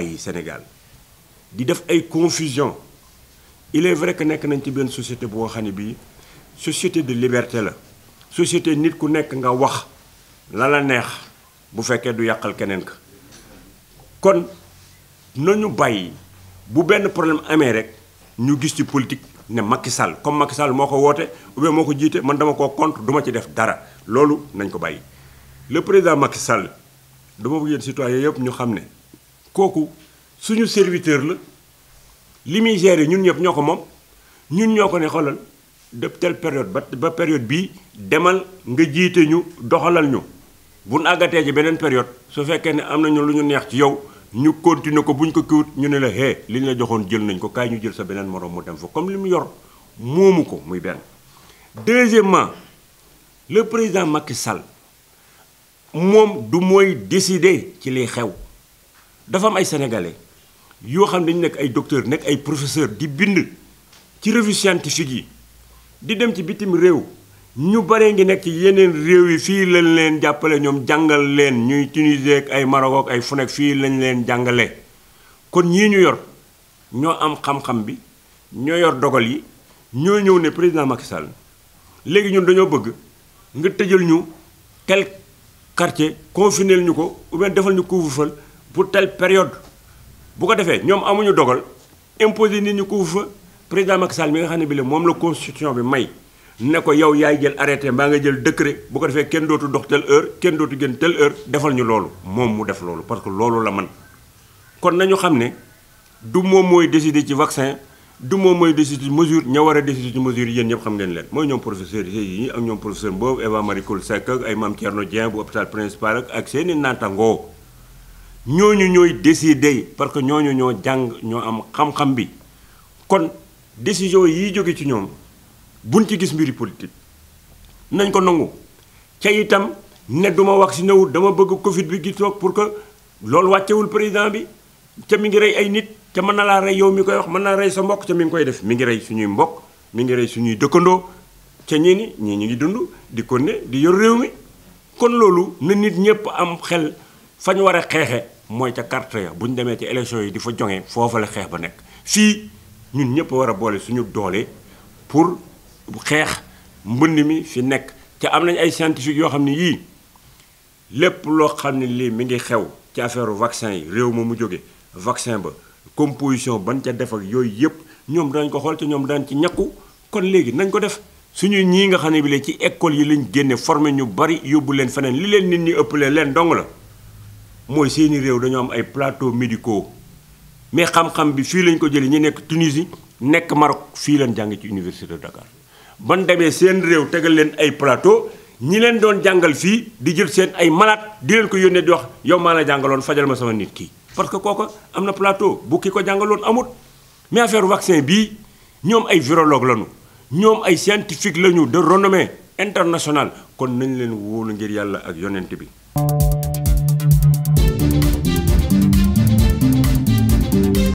Il Sénégal di confusion il est vrai que nek nañ ci société société de liberté la société nit ku nek nga wax la la neex bu du yakal kenen ka kon bu problème rek ñu gis ci politique comme Macky Sall je contre duma ci le président Macky Sall citoyen kooku suñu serviteur la li muy gérer ñun ñëpp ñoo ko moom ñun ñoo ko ne xoolal de telle période ba ba période bii demal nga jiite ñu doxalal ñu bu nu àggatee ci beneen période su fekkee ne am nañu lu ñu neex ci yow ñu continuer ko buñ ko kiwut ñu ne la hé li ñu la joxoon jël nañ ko kaay ñu jël sa beneen morom mu dem fa comme li mu yor moomu ko muy benn. deuxièmement le président Macky Sall moom du mooy décider ci li xew. dafa am ay sénégalais yoo xam ne dañu nekk ay docteur nekk ay professeur di bind ci revue yi di dem ci bitim réew ñu bare ngi nekk ci yeneen réew yi fii lañ leen jàppale ñoom jàngal leen ñuy Tunisie ak ay Maroc ay fu fii lañ leen jàngale kon ñii ñu yor ñoo am xam-xam bi ñoo yor dogal yi ñoo ñëw ne président Macky Sall léegi ñun dañoo bëgg nga tëjal ñu tel quartier confiné ñu ko ou defal ñu couvre pour telle période bu ko defé ñom amuñu dogal imposer nit ñu couvre président Macky Sall mi nga xamné bi le mom la constitution bi may ne ko yow yaay jël arrêté ba nga jël décret bu ko defé kenn dootu dox telle heure kenn dootu gën telle heure defal ñu loolu mom mu def loolu parce que loolu la man kon nañu xamné du mom moy décider ci vaccin du mom moy décider ci mesure ña war décider ci mesure yeen ñep xam ngeen leen moy ñom professeur yi ak ñom professeur boobu Eva Marie Coll Sek ak ay mam Thierno Dieng bu hôpital principal ak seeni nantango ñooñu ñooy décider parce que ñooñu ñoo jàng ñoo am xam-xam bi kon décision yiy jóge ci ñoom buñ ci gis mbiri politique nañ ko nangu ca itam ne duma wax si newul dama bëgg Covid bi gi toog pour que loolu wàccewul président bi ca mi ngi rey ay nit ca mën na laa rey yow mi koy wax mën naa rey sa mbokk ca mi ngi koy def mi ngi rey suñuy mbokk mi ngi rey suñuy dëkkandoo ca ñii ni ñii ñu ngi dund di konne di yor réew mi kon loolu ne nit ñëpp am xel fañ war a xeexe mooy ca carte ya bu ñu demee ci élection yi di fa joŋee foofa la xeex ba nekk fii ñun ñëpp war a boole suñu doole pour bu xeex mbënd mi fi nekk te am nañ ay scientifique yoo xam ne yii lépp loo xam ne lii mi ngi xew ci affaire vaccin yi réew ma mu jóge vaccin ba composition ban ca def ak yooyu yëpp ñoom danañ ko xool te ñoom daan ci ñakku kon léegi nañ ko def suñu ñii nga xam ne bi lee ci école yi lañ génne formé ñu bari yóbbu leen feneen li leen nit ñi ëppalee leen dong la moy seeni réew dañu am ay plateaux médicaux mais xam-xam bi fii lañ ko jëlee ñu nekk Tunisie nekk Maroc fii lañ jàng ci université de Dakar ban demee seen réew tegal leen ay plateau ñi leen doon jàngal fii di jël seen ay malade di leen ko yónnee di wax yow maa la jàngaloon fajal ma sama nit kii. parce que kooku am na plateau bu ki ko jàngaloon amut mais affaire vaccin bii ñoom ay virologue lañu ñoom ay scientifique lañu de renommée internationale kon nañ leen wóolu ngir yàlla ak yonent bi.